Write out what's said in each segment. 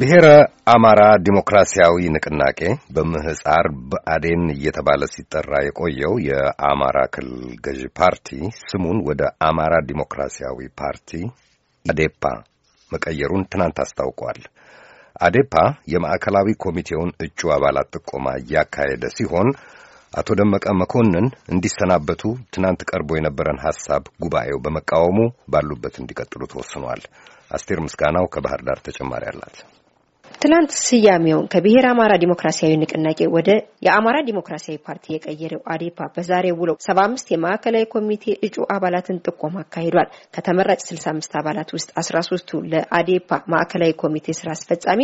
ብሔረ አማራ ዲሞክራሲያዊ ንቅናቄ በምህፃር ብአዴን እየተባለ ሲጠራ የቆየው የአማራ ክልል ገዢ ፓርቲ ስሙን ወደ አማራ ዲሞክራሲያዊ ፓርቲ አዴፓ መቀየሩን ትናንት አስታውቋል። አዴፓ የማዕከላዊ ኮሚቴውን እጩ አባላት ጥቆማ እያካሄደ ሲሆን አቶ ደመቀ መኮንን እንዲሰናበቱ ትናንት ቀርቦ የነበረን ሐሳብ ጉባኤው በመቃወሙ ባሉበት እንዲቀጥሉ ተወስኗል። አስቴር ምስጋናው ከባህር ዳር ተጨማሪ አላት። ትናንት ስያሜውን ከብሔር አማራ ዲሞክራሲያዊ ንቅናቄ ወደ የአማራ ዲሞክራሲያዊ ፓርቲ የቀየረው አዴፓ በዛሬ ውለው ሰባ አምስት የማዕከላዊ ኮሚቴ እጩ አባላትን ጥቆም አካሂዷል። ከተመራጭ ስልሳ አምስት አባላት ውስጥ አስራ ሶስቱ ለአዴፓ ማዕከላዊ ኮሚቴ ስራ አስፈጻሚ፣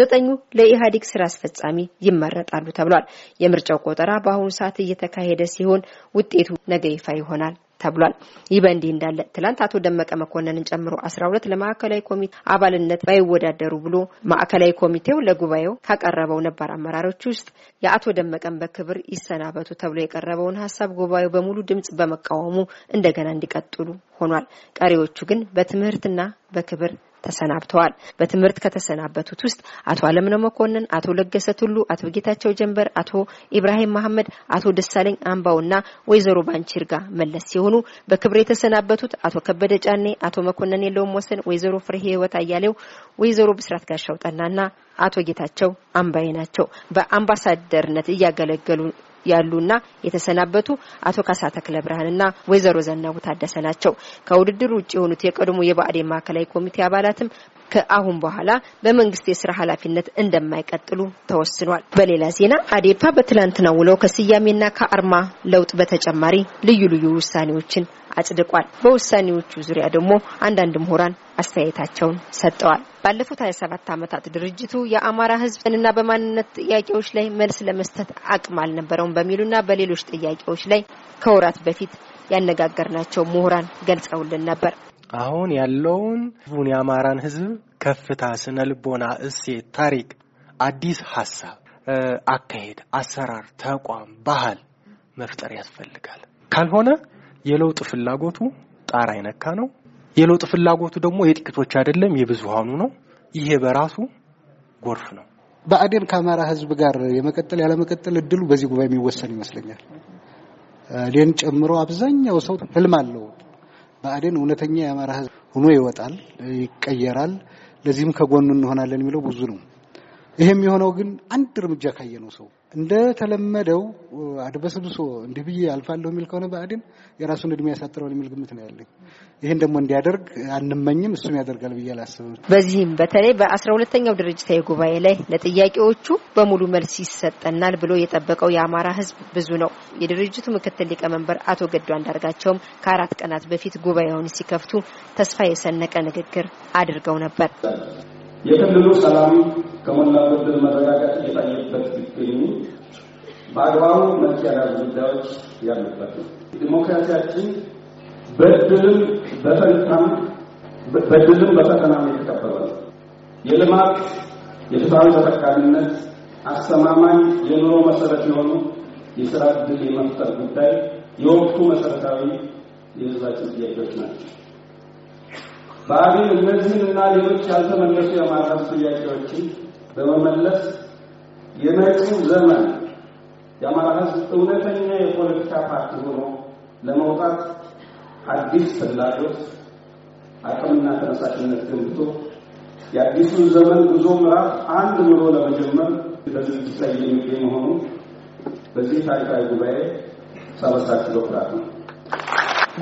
ዘጠኙ ለኢህአዴግ ስራ አስፈጻሚ ይመረጣሉ ተብሏል። የምርጫው ቆጠራ በአሁኑ ሰዓት እየተካሄደ ሲሆን ውጤቱ ነገ ይፋ ይሆናል። ተብሏል። ይህ በእንዲህ እንዳለ ትላንት አቶ ደመቀ መኮንንን ጨምሮ አስራ ሁለት ለማዕከላዊ ኮሚቴ አባልነት ባይወዳደሩ ብሎ ማዕከላዊ ኮሚቴው ለጉባኤው ካቀረበው ነባር አመራሮች ውስጥ የአቶ ደመቀን በክብር ይሰናበቱ ተብሎ የቀረበውን ሀሳብ ጉባኤው በሙሉ ድምጽ በመቃወሙ እንደገና እንዲቀጥሉ ሆኗል። ቀሪዎቹ ግን በትምህርትና በክብር ተሰናብተዋል። በትምህርት ከተሰናበቱት ውስጥ አቶ አለምነው መኮንን፣ አቶ ለገሰ ቱሉ፣ አቶ ጌታቸው ጀንበር፣ አቶ ኢብራሂም መሐመድ፣ አቶ ደሳለኝ አምባውና ወይዘሮ ባንቺርጋ መለስ ሲሆኑ በክብር የተሰናበቱት አቶ ከበደ ጫኔ፣ አቶ መኮንን የለውም ወሰን፣ ወይዘሮ ፍሬ ህይወት አያሌው፣ ወይዘሮ ብስራት ጋሻው ጠናና አቶ ጌታቸው አምባዬ ናቸው። በአምባሳደርነት እያገለገሉ ያሉና የተሰናበቱ አቶ ካሳ ተክለ ብርሃንና ወይዘሮ ዘናቡ ታደሰ ናቸው። ከውድድሩ ውጭ የሆኑት የቀድሞ የብአዴን ማዕከላዊ ኮሚቴ አባላትም ከአሁን በኋላ በመንግስት የስራ ኃላፊነት እንደማይቀጥሉ ተወስኗል። በሌላ ዜና አዴፓ በትላንትና ውለው ከስያሜና ከአርማ ለውጥ በተጨማሪ ልዩ ልዩ ውሳኔዎችን አጽድቋል። በውሳኔዎቹ ዙሪያ ደግሞ አንዳንድ ምሁራን አስተያየታቸውን ሰጠዋል። ባለፉት 27 ዓመታት ድርጅቱ የአማራ ሕዝብንና በማንነት ጥያቄዎች ላይ መልስ ለመስጠት አቅም አልነበረውም በሚሉና በሌሎች ጥያቄዎች ላይ ከወራት በፊት ያነጋገርናቸው ምሁራን ገልጸውልን ነበር። አሁን ያለውን ህዝቡን የአማራን ህዝብ ከፍታ፣ ስነ ልቦና፣ እሴት፣ ታሪክ፣ አዲስ ሀሳብ፣ አካሄድ፣ አሰራር፣ ተቋም፣ ባህል መፍጠር ያስፈልጋል። ካልሆነ የለውጥ ፍላጎቱ ጣራ የነካ ነው። የለውጥ ፍላጎቱ ደግሞ የጥቂቶች አይደለም፣ የብዙሃኑ ነው። ይሄ በራሱ ጎርፍ ነው። ብአዴን ከአማራ ህዝብ ጋር የመቀጠል ያለመቀጠል እድሉ በዚህ ጉባኤ የሚወሰን ይመስለኛል። እኔን ጨምሮ አብዛኛው ሰው ህልም አለው። ብአዴን እውነተኛ የአማራ ህዝብ ሆኖ ይወጣል፣ ይቀየራል፣ ለዚህም ከጎኑ እንሆናለን የሚለው ብዙ ነው። ይሄም የሆነው ግን አንድ እርምጃ ካየ ነው። ሰው እንደተለመደው አድበስብሶ እንዲህ ብዬ አልፋለሁ የሚል ከሆነ ብአዴን የራሱን እድሜ ያሳጥረዋል የሚል ግምት ነው ያለኝ። ይህን ደግሞ እንዲያደርግ አንመኝም፣ እሱም ያደርጋል ብዬ አላስብም። በዚህም በተለይ በአስራ ሁለተኛው ድርጅታዊ ጉባኤ ላይ ለጥያቄዎቹ በሙሉ መልስ ይሰጠናል ብሎ የጠበቀው የአማራ ሕዝብ ብዙ ነው። የድርጅቱ ምክትል ሊቀመንበር አቶ ገዱ አንዳርጋቸውም ከአራት ቀናት በፊት ጉባኤውን ሲከፍቱ ተስፋ የሰነቀ ንግግር አድርገው ነበር። የክልሉ ሰላም ከሞላ ጎደል መረጋጋት እየታየበት ቢገኙ በአግባቡ መልክ ያልያዙ ጉዳዮች ያሉበት ነው። ዲሞክራሲያችን በድልም በፈንታም በድልም በፈተናም ነው። የልማት የፍትሃዊ ተጠቃሚነት አስተማማኝ የኑሮ መሰረት የሆኑ የስራ እድል የመፍጠር ጉዳይ የወቅቱ መሰረታዊ የህዝባችን ጥያቄዎች ናቸው። እነዚህን እና ሌሎች ያልተመለሱ የአማራ ጥያቄዎችን በመመለስ የመጪው ዘመን የአማራ ህዝብ እውነተኛ የፖለቲካ ፓርቲ ሆኖ ለመውጣት አዲስ ፍላጎት አቅምና ተነሳሽነት ገንብቶ የአዲሱን ዘመን ጉዞ ምዕራፍ አንድ ምሮ ለመጀመር በዝግጅት ላይ የሚገኝ መሆኑ በዚህ ታሪካዊ ጉባኤ ሳበሳችሁ በኩራት ነው።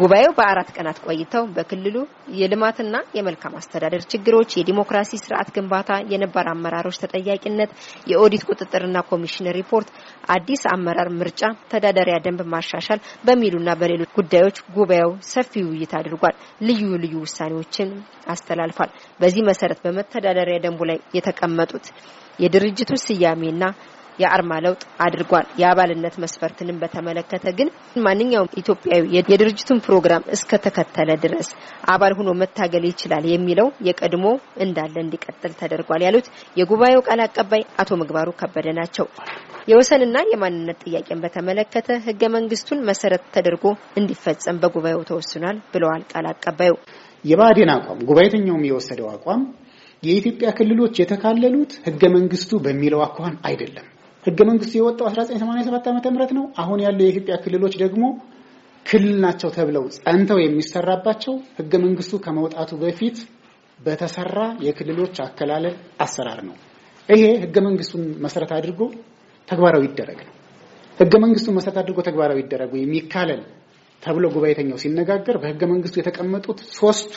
ጉባኤው በአራት ቀናት ቆይተው በክልሉ የልማትና የመልካም አስተዳደር ችግሮች፣ የዲሞክራሲ ስርዓት ግንባታ፣ የነባር አመራሮች ተጠያቂነት፣ የኦዲት ቁጥጥርና ኮሚሽን ሪፖርት፣ አዲስ አመራር ምርጫ፣ ተዳደሪያ ደንብ ማሻሻል በሚሉና በሌሎች ጉዳዮች ጉባኤው ሰፊ ውይይት አድርጓል። ልዩ ልዩ ውሳኔዎችን አስተላልፏል። በዚህ መሰረት በመተዳደሪያ ደንቡ ላይ የተቀመጡት የድርጅቱ ስያሜና የአርማ ለውጥ አድርጓል። የአባልነት መስፈርትንም በተመለከተ ግን ማንኛውም ኢትዮጵያዊ የድርጅቱን ፕሮግራም እስከተከተለ ድረስ አባል ሆኖ መታገል ይችላል የሚለው የቀድሞ እንዳለ እንዲቀጥል ተደርጓል ያሉት የጉባኤው ቃል አቀባይ አቶ ምግባሩ ከበደ ናቸው። የወሰንና የማንነት ጥያቄን በተመለከተ ህገ መንግስቱን መሰረት ተደርጎ እንዲፈጸም በጉባኤው ተወስኗል ብለዋል ቃል አቀባዩ። የባህዴን አቋም ጉባኤተኛውም የወሰደው አቋም የኢትዮጵያ ክልሎች የተካለሉት ህገ መንግስቱ በሚለው አኳኋን አይደለም። ህገ መንግስቱ የወጣው 1987 ዓመተ ምህረት ነው። አሁን ያለው የኢትዮጵያ ክልሎች ደግሞ ክልል ናቸው ተብለው ጸንተው የሚሰራባቸው ህገ መንግስቱ ከመውጣቱ በፊት በተሰራ የክልሎች አከላለል አሰራር ነው። ይሄ ህገ መንግስቱን መሰረት አድርጎ ተግባራዊ ይደረግ ነው። ህገ መንግስቱን መሰረት አድርጎ ተግባራዊ ይደረግ ወይም ይካለል ተብሎ ጉባኤተኛው ሲነጋገር በህገ መንግስቱ የተቀመጡት ሶስቱ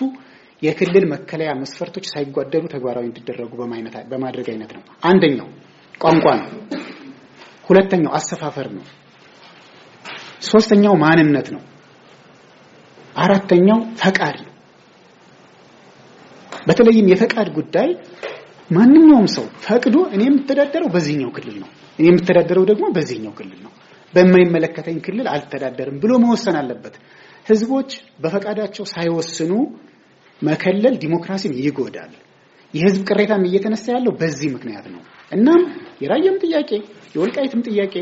የክልል መከለያ መስፈርቶች ሳይጓደሉ ተግባራዊ እንዲደረጉ በማድረግ አይነት ነው። አንደኛው ቋንቋ ነው። ሁለተኛው አሰፋፈር ነው። ሶስተኛው ማንነት ነው። አራተኛው ፈቃድ ነው። በተለይም የፈቃድ ጉዳይ ማንኛውም ሰው ፈቅዶ እኔ የምተዳደረው በዚህኛው ክልል ነው፣ እኔ የምተዳደረው ደግሞ በዚህኛው ክልል ነው፣ በማይመለከተኝ ክልል አልተዳደርም ብሎ መወሰን አለበት። ህዝቦች በፈቃዳቸው ሳይወስኑ መከለል ዲሞክራሲን ይጎዳል። የህዝብ ቅሬታም እየተነሳ ያለው በዚህ ምክንያት ነው። እናም የራየም ጥያቄ የወልቃይትም ጥያቄ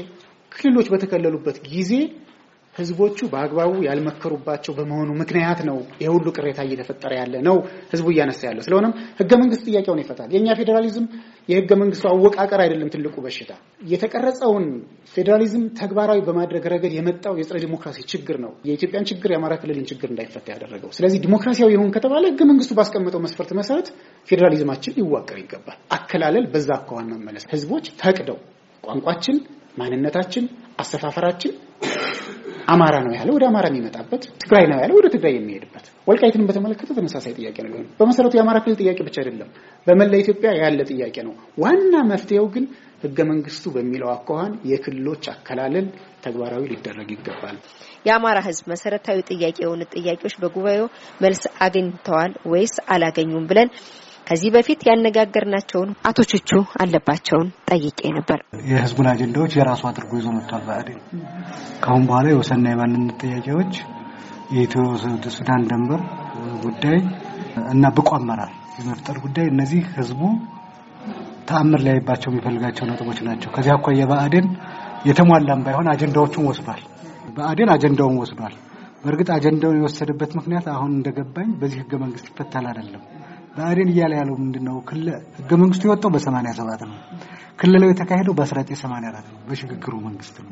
ክልሎች በተከለሉበት ጊዜ ህዝቦቹ በአግባቡ ያልመከሩባቸው በመሆኑ ምክንያት ነው ይህ ሁሉ ቅሬታ እየተፈጠረ ያለ ነው ህዝቡ እያነሳ ያለው። ስለሆነም ህገ መንግስት ጥያቄውን ይፈታል። የእኛ ፌዴራሊዝም የህገ መንግስቱ አወቃቀር አይደለም ትልቁ በሽታ። የተቀረጸውን ፌዴራሊዝም ተግባራዊ በማድረግ ረገድ የመጣው የጸረ ዲሞክራሲ ችግር ነው የኢትዮጵያን ችግር፣ የአማራ ክልልን ችግር እንዳይፈታ ያደረገው። ስለዚህ ዲሞክራሲያዊ ይሁን ከተባለ ህገ መንግስቱ ባስቀመጠው መስፈርት መሰረት ፌዴራሊዝማችን ሊዋቀር ይገባል። አከላለል በዛ አኳኋን መመለስ ህዝቦች ፈቅደው ቋንቋችን፣ ማንነታችን፣ አሰፋፈራችን አማራ ነው ያለ ወደ አማራ የሚመጣበት፣ ትግራይ ነው ያለ ወደ ትግራይ የሚሄድበት፣ ወልቃይትን በተመለከተ ተመሳሳይ ጥያቄ ነው በመሰረቱ የአማራ ክልል ጥያቄ ብቻ አይደለም፣ በመላ ኢትዮጵያ ያለ ጥያቄ ነው። ዋና መፍትሄው ግን ህገ መንግስቱ በሚለው አኳኋን የክልሎች አከላለል ተግባራዊ ሊደረግ ይገባል። የአማራ ህዝብ መሰረታዊ ጥያቄ የሆኑ ጥያቄዎች በጉባኤው መልስ አግኝተዋል ወይስ አላገኙም ብለን ከዚህ በፊት ያነጋገርናቸውን አቶ ቹቹ አለባቸውን ጠይቄ ነበር። የህዝቡን አጀንዳዎች የራሱ አድርጎ ይዞ መጥቷል ብአዴን። ከአሁን በኋላ የወሰንና የማንነት ጥያቄዎች፣ የኢትዮ ሱዳን ድንበር ጉዳይ እና ብቁ አመራር የመፍጠር ጉዳይ እነዚህ ህዝቡ ተአምር ላይባቸው የሚፈልጋቸው ነጥቦች ናቸው። ከዚህ አኳያ ብአዴን የተሟላም ባይሆን አጀንዳዎቹን ወስዷል። ብአዴን አጀንዳውን ወስዷል። በእርግጥ አጀንዳውን የወሰደበት ምክንያት አሁን እንደገባኝ በዚህ ህገ መንግስት ይፈታል አይደለም ብአዴን እያለ ያለው ምንድን ነው? ህገ መንግስቱ የወጣው በሰማንያ ሰባት ነው። ክልላዊ የተካሄደው በ አራት ነው፣ በሽግግሩ መንግስት ነው።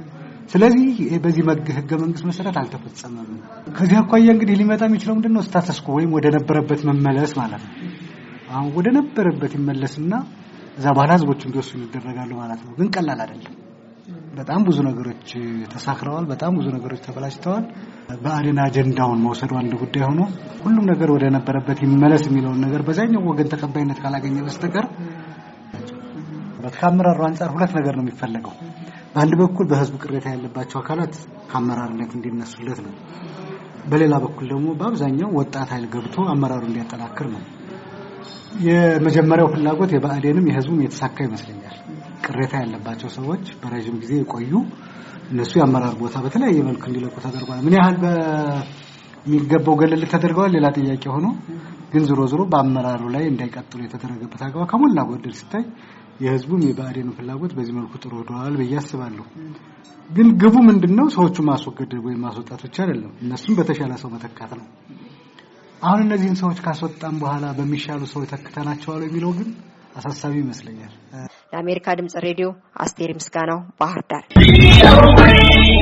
ስለዚህ በዚህ ህገ መንግስት መሰረት አልተፈጸመም። ከዚህ አኳያ እንግዲህ ሊመጣ የሚችለው ምንድን ነው? ስታተስኩ ወይም ወደ ነበረበት መመለስ ማለት ነው። አሁን ወደ ነበረበት ይመለስና እዛ በኋላ ህዝቦች እንዲወስኑ ይደረጋሉ ማለት ነው። ግን ቀላል አይደለም። በጣም ብዙ ነገሮች ተሳክረዋል። በጣም ብዙ ነገሮች ተበላሽተዋል። ብአዴን አጀንዳውን መውሰዱ አንድ ጉዳይ ሆኖ ሁሉም ነገር ወደ ነበረበት ይመለስ የሚለውን ነገር በዛኛው ወገን ተቀባይነት ካላገኘ በስተቀር ከአመራሩ አንጻር ሁለት ነገር ነው የሚፈለገው። በአንድ በኩል በህዝቡ ቅሬታ ያለባቸው አካላት ከአመራርነት እንዲነሱለት ነው። በሌላ በኩል ደግሞ በአብዛኛው ወጣት ኃይል ገብቶ አመራሩ እንዲያጠናክር ነው። የመጀመሪያው ፍላጎት የብአዴንም የህዝቡም የተሳካ ይመስለኛል። ቅሬታ ያለባቸው ሰዎች በረዥም ጊዜ የቆዩ እነሱ የአመራር ቦታ በተለያየ መልክ እንዲለቁ ተደርጓል። ምን ያህል በሚገባው ገለል ተደርገዋል ሌላ ጥያቄ ሆኖ፣ ግን ዝሮ ዝሮ በአመራሩ ላይ እንዳይቀጥሉ የተደረገበት አግባብ ከሞላ ጎደል ሲታይ የህዝቡም የብአዴንም ፍላጎት በዚህ መልኩ ጥሩ ወደዋል ብዬ አስባለሁ። ግን ግቡ ምንድን ነው? ሰዎቹ ማስወገድ ወይም ማስወጣት ብቻ አይደለም፣ እነሱም በተሻለ ሰው መተካት ነው። አሁን እነዚህን ሰዎች ካስወጣን በኋላ በሚሻሉ ሰዎች ተክተናቸዋል የሚለው ግን አሳሳቢ ይመስለኛል። ለአሜሪካ ድምጽ ሬዲዮ አስቴር ምስጋናው ባህር ዳር